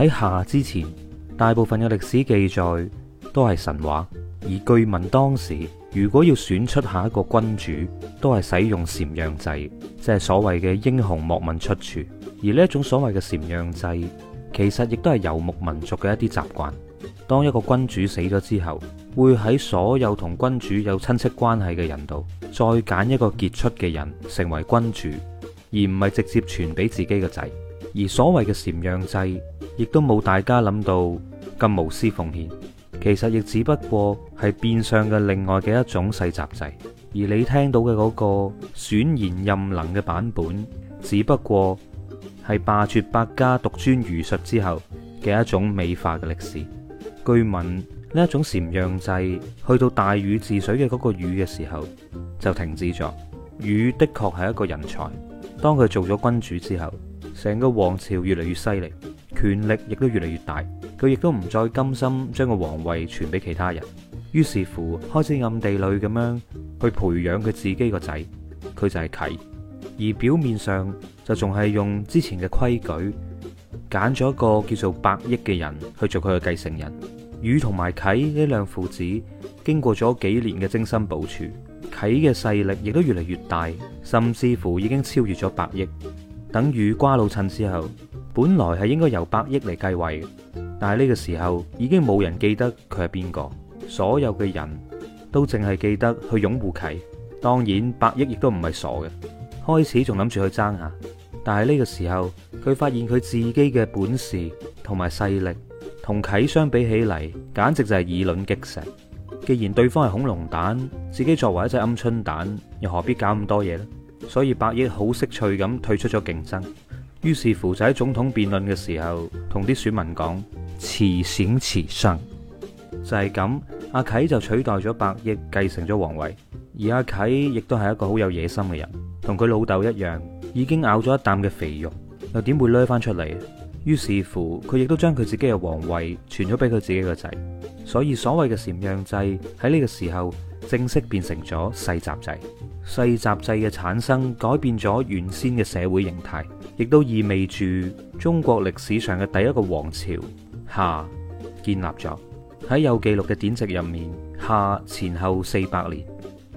喺夏之前，大部分嘅歷史記載都係神話。而據聞當時，如果要選出下一個君主，都係使用禪讓制，即係所謂嘅英雄莫問出處。而呢一種所謂嘅禪讓制，其實亦都係遊牧民族嘅一啲習慣。當一個君主死咗之後，會喺所有同君主有親戚關係嘅人度，再揀一個傑出嘅人成為君主，而唔係直接傳俾自己嘅仔。而所謂嘅禪讓制，亦都冇大家諗到咁無私奉獻。其實亦只不過係變相嘅另外嘅一種世襲制。而你聽到嘅嗰個選賢任能嘅版本，只不過係罷黜百家、獨尊儒術之後嘅一種美化嘅歷史。據聞呢一種禪讓制去到大禹治水嘅嗰個禹嘅時候就停止咗。禹的確係一個人才，當佢做咗君主之後。成個王朝越嚟越犀利，權力亦都越嚟越大，佢亦都唔再甘心將個皇位傳俾其他人，於是乎開始暗地裏咁樣去培養佢自己個仔，佢就係啟，而表面上就仲係用之前嘅規矩揀咗一個叫做伯益嘅人去做佢嘅繼承人。禹同埋啟呢兩父子經過咗幾年嘅精心保存，啟嘅勢力亦都越嚟越大，甚至乎已經超越咗伯益。等雨瓜老襯之後，本來係應該由百億嚟繼位，但係呢個時候已經冇人記得佢係邊個，所有嘅人都淨係記得去擁護啟。當然，百億亦都唔係傻嘅，開始仲諗住去爭下，但係呢個時候佢發現佢自己嘅本事同埋勢力同啟相比起嚟，簡直就係以卵擊石。既然對方係恐龍蛋，自己作為一隻鵪鶉蛋，又何必搞咁多嘢呢？所以伯益好識趣咁退出咗競爭，於是乎就喺總統辯論嘅時候同啲選民講：遲選遲生」，就係咁。阿啟就取代咗伯益，繼承咗王位。而阿啟亦都係一個好有野心嘅人，同佢老豆一樣，已經咬咗一啖嘅肥肉，又點會攞翻出嚟？於是乎，佢亦都將佢自己嘅皇位傳咗俾佢自己個仔，所以所謂嘅禪讓制喺呢個時候正式變成咗世襲制。世襲制嘅產生改變咗原先嘅社會形態，亦都意味住中國歷史上嘅第一個王朝夏建立咗。喺有記錄嘅典籍入面，夏前後四百年，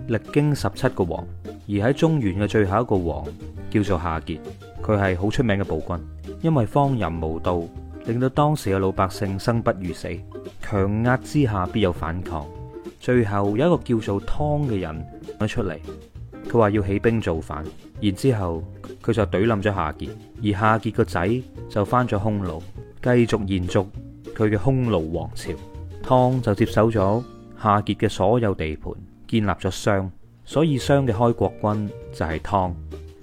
歷經十七個王，而喺中原嘅最後一個王叫做夏桀，佢係好出名嘅暴君。因為荒淫無道，令到當時嘅老百姓生不如死。強壓之下必有反抗，最後有一個叫做湯嘅人咗出嚟，佢話要起兵造反，然之後佢就懟冧咗夏桀，而夏桀個仔就返咗匈奴，繼續延續佢嘅匈奴王朝。湯就接手咗夏桀嘅所有地盤，建立咗商，所以商嘅開國君就係湯。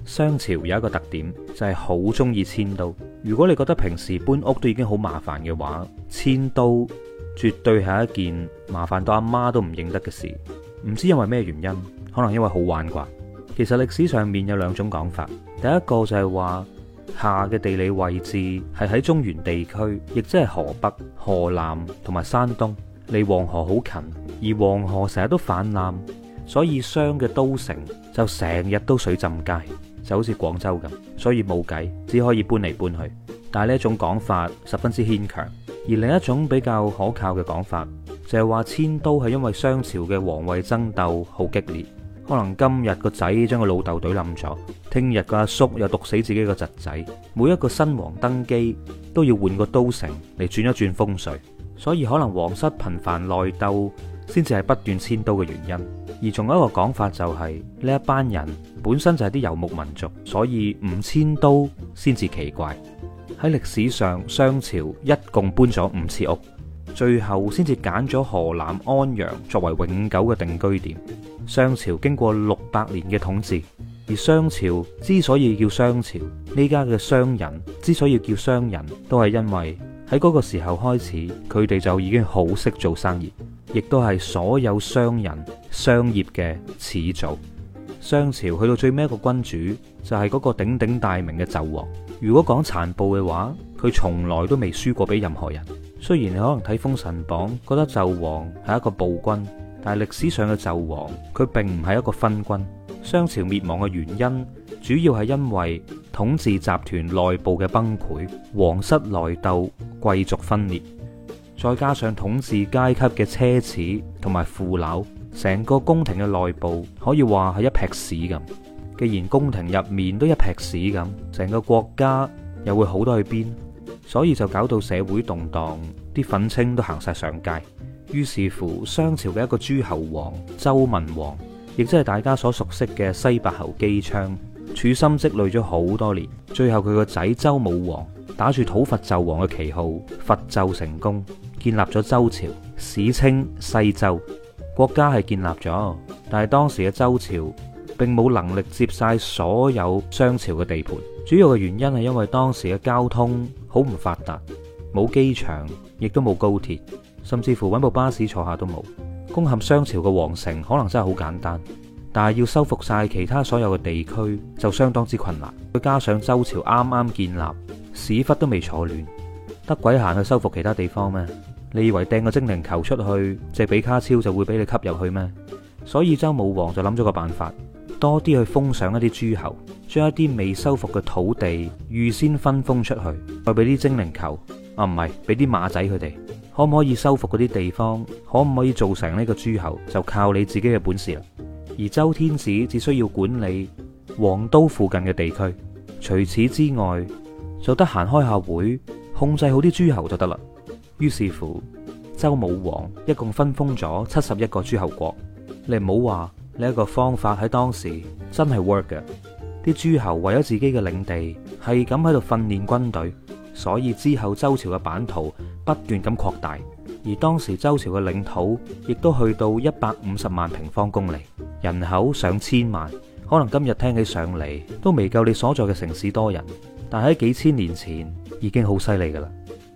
商朝有一個特點就係好中意遷都。如果你覺得平時搬屋都已經好麻煩嘅話，遷都絕對係一件麻煩到阿媽都唔認得嘅事。唔知因為咩原因，可能因為好玩啩。其實歷史上面有兩種講法，第一個就係話夏嘅地理位置係喺中原地區，亦即係河北、河南同埋山東，離黃河好近，而黃河成日都泛濫，所以商嘅都城就成日都水浸街。就好似廣州咁，所以冇計，只可以搬嚟搬去。但係呢一種講法十分之牽強，而另一種比較可靠嘅講法就係話遷都係因為商朝嘅皇位爭鬥好激烈，可能今日個仔將個老豆懟冧咗，聽日個阿叔又毒死自己個侄仔，每一個新王登基都要換個都城嚟轉一轉風水，所以可能皇室頻繁內鬥先至係不斷遷都嘅原因。而仲有一個講法就係、是、呢一班人。本身就係啲遊牧民族，所以唔遷都先至奇怪。喺歷史上，商朝一共搬咗五次屋，最後先至揀咗河南安陽作為永久嘅定居點。商朝經過六百年嘅統治，而商朝之所以叫商朝，呢家嘅商人之所以叫商人，都係因為喺嗰個時候開始，佢哋就已經好識做生意，亦都係所有商人商業嘅始祖。商朝去到最尾一個君主就係、是、嗰個鼎鼎大名嘅紂王。如果講殘暴嘅話，佢從來都未輸過俾任何人。雖然你可能睇封神榜覺得紂王係一個暴君，但係歷史上嘅紂王佢並唔係一個昏君。商朝滅亡嘅原因主要係因為統治集團內部嘅崩潰、皇室內鬥、貴族分裂，再加上統治階級嘅奢侈同埋腐朽。成個宮廷嘅內部可以話係一劈屎咁，既然宮廷入面都一劈屎咁，成個國家又會好多去邊，所以就搞到社會動蕩，啲憤青都行晒上街。於是乎，商朝嘅一個諸侯王周文王，亦即係大家所熟悉嘅西伯侯姬昌，處心積慮咗好多年，最後佢個仔周武王打住討伐紂王嘅旗號，伐紂成功，建立咗周朝，史稱西周。國家係建立咗，但係當時嘅周朝並冇能力接晒所有商朝嘅地盤。主要嘅原因係因為當時嘅交通好唔發達，冇機場，亦都冇高鐵，甚至乎搵部巴士坐下都冇。攻陷商朝嘅皇城可能真係好簡單，但係要收復晒其他所有嘅地區就相當之困難。再加上周朝啱啱建立，屎忽都未坐暖，得鬼閒去收復其他地方咩？你以為掟個精靈球出去，借比卡超就會俾你吸入去咩？所以周武王就諗咗個辦法，多啲去封賞一啲諸侯，將一啲未收復嘅土地預先分封出去，再俾啲精靈球，啊唔係俾啲馬仔佢哋，可唔可以收復嗰啲地方，可唔可以做成呢個諸侯，就靠你自己嘅本事啦。而周天子只需要管理王都附近嘅地區，除此之外就得閒開下會，控制好啲諸侯就得啦。於是乎，周武王一共分封咗七十一個諸侯國。你唔好話呢一個方法喺當時真係 work 嘅。啲諸侯為咗自己嘅領地，係咁喺度訓練軍隊，所以之後周朝嘅版圖不斷咁擴大。而當時周朝嘅領土亦都去到一百五十萬平方公里，人口上千萬。可能今日聽起上嚟都未夠你所在嘅城市多人，但喺幾千年前已經好犀利噶啦。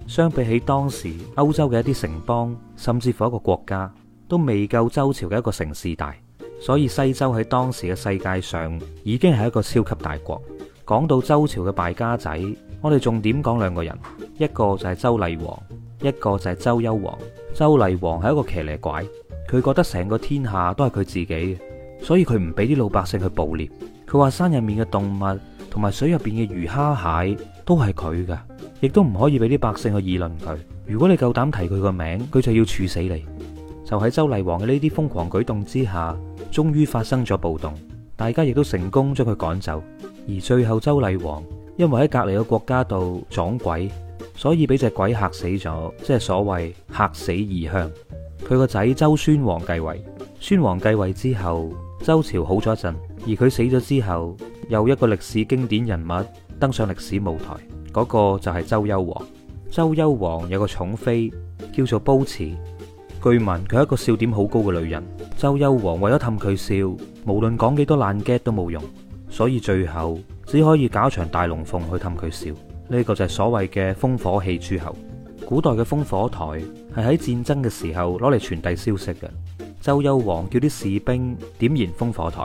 相比起當時歐洲嘅一啲城邦，甚至乎一個國家，都未夠周朝嘅一個城市大，所以西周喺當時嘅世界上已經係一個超級大國。講到周朝嘅敗家仔，我哋重點講兩個人，一個就係周厲王，一個就係周幽王。周厲王係一個騎呢怪，佢覺得成個天下都係佢自己嘅，所以佢唔俾啲老百姓去捕獵。佢話山入面嘅動物同埋水入邊嘅魚蝦蟹都係佢噶。亦都唔可以俾啲百姓去議論佢。如果你夠膽提佢個名，佢就要處死你。就喺周厲王嘅呢啲瘋狂舉動之下，終於發生咗暴動，大家亦都成功將佢趕走。而最後周，周厲王因為喺隔籬嘅國家度撞鬼，所以俾隻鬼嚇死咗，即係所謂嚇死異鄉。佢個仔周宣王繼位，宣王繼位之後，周朝好咗一陣。而佢死咗之後，又一個歷史經典人物登上歷史舞台。嗰個就係周幽王。周幽王有個寵妃叫做褒姒，據聞佢係一個笑點好高嘅女人。周幽王為咗氹佢笑，無論講幾多爛 get 都冇用，所以最後只可以搞場大龍鳳去氹佢笑。呢、這個就係所謂嘅烽火戲諸侯。古代嘅烽火台係喺戰爭嘅時候攞嚟傳遞消息嘅。周幽王叫啲士兵點燃烽火台，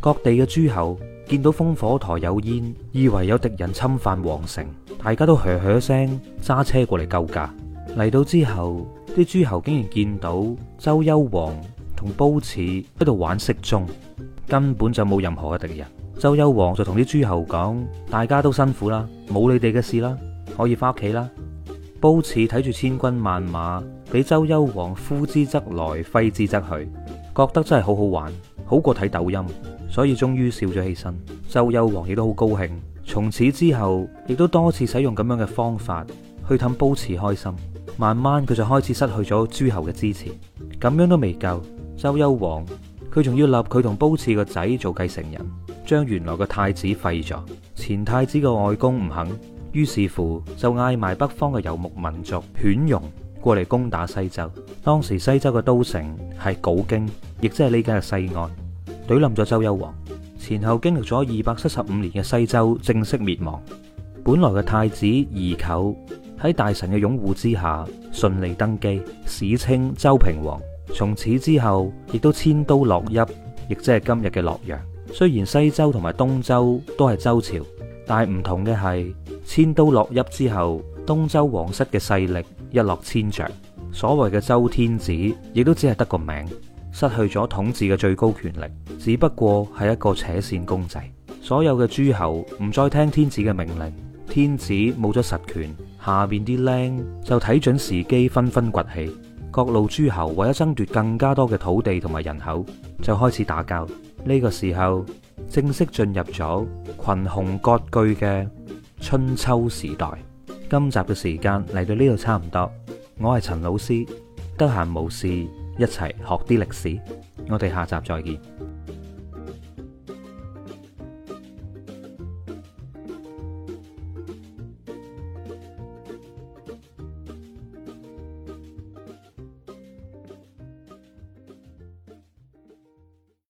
各地嘅諸侯，見到烽火台有煙，以為有敵人侵犯皇城，大家都噓噓聲揸車過嚟救駕。嚟到之後，啲諸侯竟然見到周幽王同褒姒喺度玩色盅，根本就冇任何嘅敵人。周幽王就同啲諸侯講：大家都辛苦啦，冇你哋嘅事啦，可以翻屋企啦。褒姒睇住千軍萬馬，俾周幽王呼之則來，揮之則去，覺得真係好好玩，好過睇抖音。所以終於笑咗起身，周幽王亦都好高興。從此之後，亦都多次使用咁樣嘅方法去氹褒姒開心。慢慢佢就開始失去咗諸侯嘅支持。咁樣都未夠，周幽王佢仲要立佢同褒姒個仔做繼承人，將原來嘅太子廢咗。前太子嘅外公唔肯，於是乎就嗌埋北方嘅游牧民族犬戎過嚟，攻打西周。當時西周嘅都城係鎬京，亦即係呢間嘅西安。懟冧咗周幽王，前後經歷咗二百七十五年嘅西周正式滅亡。本來嘅太子宜臼喺大臣嘅擁護之下順利登基，史稱周平王。從此之後，亦都遷都洛邑，亦即係今日嘅洛陽。雖然西周同埋東周都係周朝，但係唔同嘅係遷都洛邑之後，東周皇室嘅勢力一落千丈，所謂嘅周天子亦都只係得個名。失去咗統治嘅最高權力，只不過係一個扯線公仔。所有嘅諸侯唔再聽天子嘅命令，天子冇咗實權，下邊啲僆就睇準時機紛紛崛起。各路諸侯為咗爭奪更加多嘅土地同埋人口，就開始打交。呢個時候正式進入咗群雄割據嘅春秋時代。今集嘅時間嚟到呢度差唔多，我係陳老師，得閒無事，一齊學啲歷史，我哋下集再見。